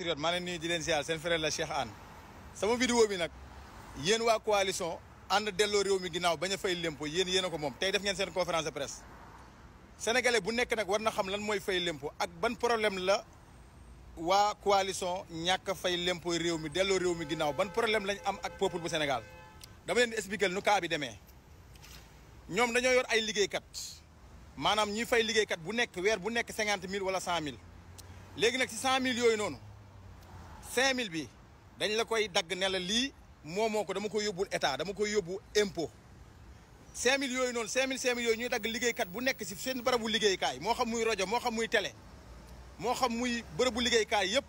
patriote maa leen nuyu di leen ziar seen frère la Cheikh Anne sama vidéo bi nag yéen waa coalition ànd delloo réew mi ginnaaw bañ a fay lempo yéen yéen ko moom tey def ngeen seen conférence de presse sénégalais bu nekk nag war na xam lan mooy fay lempo ak ban problème la waa coalition ñàkk fay lempo réew mi delloo réew mi ginnaaw ban problème lañ am ak peuple bu Sénégal dama leen di expliquer nu cas bi demee ñoom dañoo yor ay liggéeykat maanaam ñi fay liggéeykat bu nekk weer bu nekk cinquante mille wala cent mille léegi nag ci cent yooyu noonu cinq mille bi dañ la koy dagg ne lii moo moo ko dama koy yóbbul état dama koy yóbbu impôt cinq mille yooyu noonu cinq mille cinq mille yooyu ñuy dagg liggéeykat bu nekk si seen bërëbu liggéeykaay moo xam muy rajo moo xam muy tele moo xam muy bërëbu liggéeykaay yëpp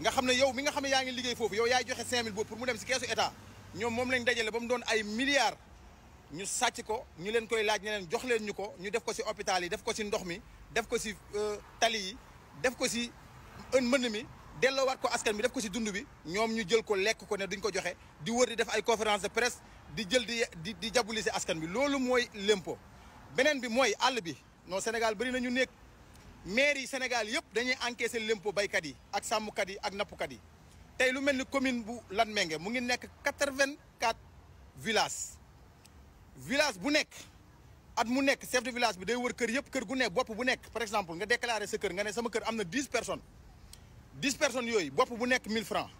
nga xam ne yow mi nga xam ne yaa ngi liggéey foofu yow yaay joxe cinq mille boobu pour mu dem si keesu état ñoom moom lañ dajale ba mu doon ay milliards ñu sàcc ko ñu leen koy laaj ne leen jox leen ñu ko ñu def ko si hôpital yi def ko si ndox mi def ko si euh, tali yi def ko si mbënn mi delloowaat ko askan bi def ko si dund bi ñoom ñu jël ko lekk ko ne duñ ko joxe di wër di def ay conférence de presse di jël di di di jabulise askan bi loolu mooy lémpo beneen bi mooy àll bi non Sénégal bëri na ñu nekk maire yi Sénégal yëpp dañuy encaisser lempo baykat yi ak sàmmkat yi ak nappkat yi tey lu mel ni commune bu Latmingué mu ngi nekk quatre-vingt-quatre villages village bu nekk at mu nekk chef de village bi day wër kër yëpp kër gu nekk bopp bu nekk par exemple nga déclarer sa kër nga ne sama kër am na dix personnes. 10 personnes yooyu francs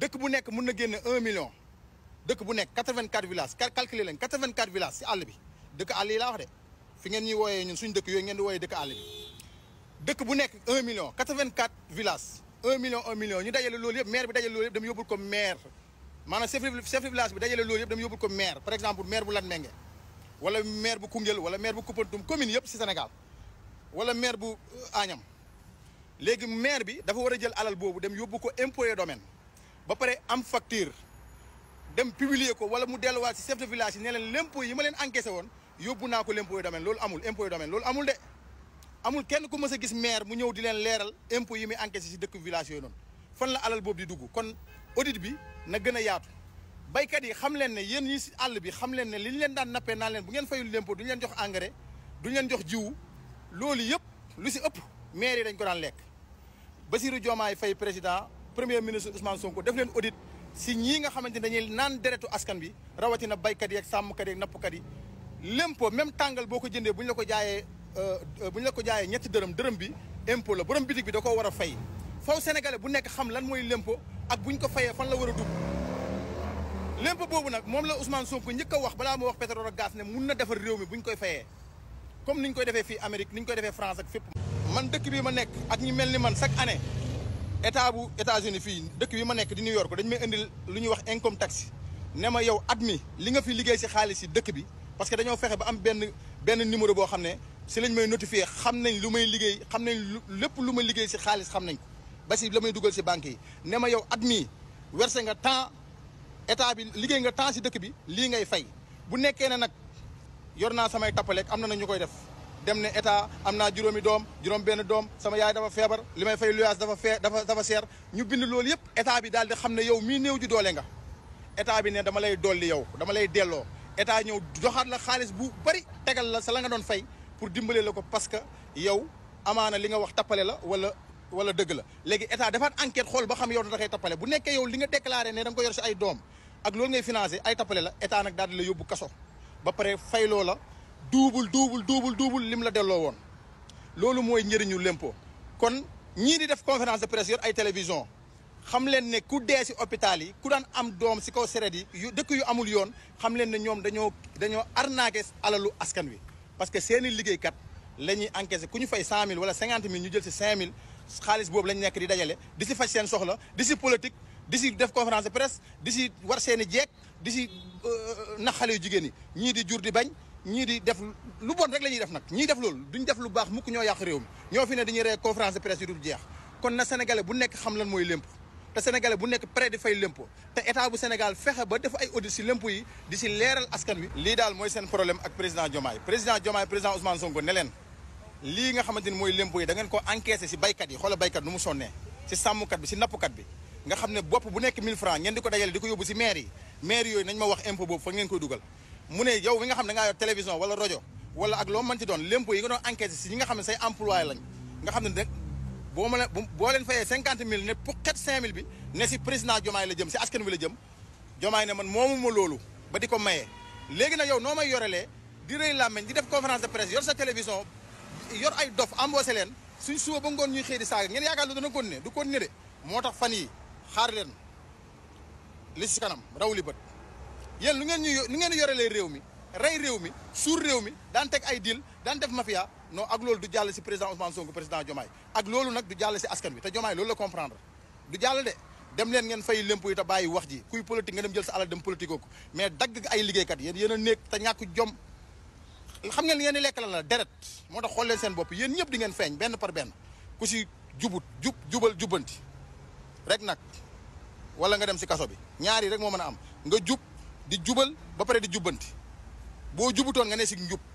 Si bu nekk million 84 bu 84 vingt quatre villas, calculer leen quatre villages si vous bi 84 wax de fi ngeen ñuy ñun million 84 vingt 1 million 1 million ñu dajale loolu le maire bi dajale loolu yëpp dem maire chef de village bi dajale le maire par exemple maire bu Latmingué wala maire bu Koungheul wala maire bu a commune Sénégal maire euh, léegi maire bi dafa war a jël alal boobu dem yóbbu ko impôt et domaine ba pare am facture dem publier ko wala mu delluwaat si chef de village yi ne leen lémpo yi ma leen encaissé woon yóbbu naa ko l'impôt et domaine loolu amul impôt et domaine loolu amul de amul kenn ku mës a gis maire mu ñëw di leen leeral impôt yi muy encaissé si dëkk village yooyu noonu fan la alal boobu di dugg kon audit bi na gën a yaatu baykat yi xam leen ne yéen yi si àll bi xam leen ne li leen daan nappee naan leen bu ngeen fayul l'impôt du ñu leen jox du leen jox jiwu loolu yëpp lu si ëpp maire yi dañ ko daan lekk Bassirou Diomaye fay président premier ministre Ousmane Sonko def len audit si ñi nga xamanteni dañuy nan deretu askan bi na baykat yi ak kat yi nap kat yi lempo même tangal boko ko buñ la ko jaayé euh buñ la ko jaayé ñetti deureum deureum bi impôt la borom bitik bi da ko wara fay faw sénégalais bu nek xam lan moy lempo ak buñ ko fayé fan la wara a dugg l'impôt boobu nag la Ousmane Sonko ñëk wax bala mo wax pétrole ak gaz ne mun na réew mi buñ koy fayé comme niñ koy défé fi Amérique niñ koy défé France ak fépp man dëkk bi ma nekk ak ñi mel ni man chaque année état bu États-Unis fii dëkk bi ma nekk di New York dañ may indi lu ñuy wax income tax ne ma yow at mi li nga fi liggéey si xaalis si dëkk bi parce que dañoo fexe ba am benn benn numéro boo xam ne si lañ may notifié xam nañ lu may liggéey xam nañ lépp lu ma liggéey si xaalis xam nañ ko ba si la may dugal si banque yi ne ma yow at mii werse nga temps état bi liggéey nga temps si dëkk bi lii ngay fay bu nekkee ne nag yor naa samay tappaleeg am na na ñu koy def dem ne état am naa juróomi doom juróom benn doom sama yaay dafa feebar li may fay luyaas dafa fee dafa dafa seer ñu bind loolu yëpp état bi daal di xam ne yow mii néew ji doole nga état bi ne dama lay dolli yow dama lay delloo état ñëw joxaat la xaalis bu bari tegal la sa la nga doon fay pour dimbale la ko parce que yow amaana li nga wax tappale la wala wala dëgg la léegi état defaat enquête xool ba xam yow da ngay tappale bu nekkee yow li nga déclaré ne da nga ko yor si ay doom ak loolu ngay financé ay tappale la état nag daal la yóbbu kaso ba pare fayloo la duubul duubul duubul duubul lim la delloo woon loolu mooy njëriñu lempo kon ñii di def conférence de presse yor ay télévision xam leen ne ku dee si hôpital yi ku daan am doom si kaw seret yi yu dëkk yu amul yoon xam leen ne ñoom dañoo dañoo arnaqué alalu askan wi parce que seeni liggéeykat la ñuy encaissé ku ñu fay cent mille wala cinquante mille ñu jël si cinq mille xaalis boobu lañu nekk di dajale di si faj seen soxla di si politique di si def conférence de presse di si war seen i jeeg di si euh, nax xale jigéen yi ñii di jur di bañ ñii di def lu bon rek la ñuy def nag ñii def loolu duñ def lu baax mukk ñoo yàq réew mi ñoo fi ne dañuy ree conférence de presse yu dul jeex kon na sénégalais bu nekk xam lan mooy lémp te sénégalais bu nekk prêt di fay lémpo te fexe ba def ay audit si lémp yi di si leeral askan wi lii daal mooy seen problème ak président Diomaye président Diomaye président Ousmane Sonko ne leen lii nga xamante ni mooy lémp yi da ngeen ko encaissé si baykat yi xoola baykat nu mu sonnee si sàmmkat bi si nappkat bi nga xam ne bopp bu nekk 1000 francs ngeen di ko dajale di ko yóbbu si maire yi maire yooyu nañ ma wax impôt boobu fa ngeen koy dugal mu ne yow mi nga xam ne da ngaa yor télévision wala rajo wala ak loo mën ci doon lémpo yi nga doon enquête si nga xam ne say employé lañ nga xam ne nag boo ma boo fayee cinquante mille ne pour quatre cinq mille bi ne si président la jëm si askan wi la jëm Diomaye ne man moomu ma loolu ba di ko maye. léegi nag yow noo may yorelee di rëy làmmeñ di def conférence de presse yor sa télévision yor ay dof embauché leen si suba ba ngoon ñuy xëy di saaga ngeen yaakaar lu dana continuer du continuer de moo tax fan yi xaar leen li si kanam raw li bët yéen lu ngeen ñu lu ngeen yoré lay réew mi ray réew mi sur réew mi daan tek ay deal daan def mafia non ak loolu du jall ci président Ousmane Sonko président Diomaye ak loolu nak du jall ci askan bi te Diomaye loolu la comprendre du jall de dem len ngeen fay lempu yi ta bayyi wax ji kuy politique nga dem jël sa ala dem politique ko mais dagg ay liggéeykat kat yéen a nek ta ñak jom xam ngeen li lek la la deret mo tax xol leen seen bop yéen ñëpp di ngeen feñ ben par ben ku ci jubut jub jubal jubanti rek nak wala nga dem ci kasso bi ñaari rek mo meuna am nga jub di jubal ba pare di jubanti boo jubutoon nga ne si njub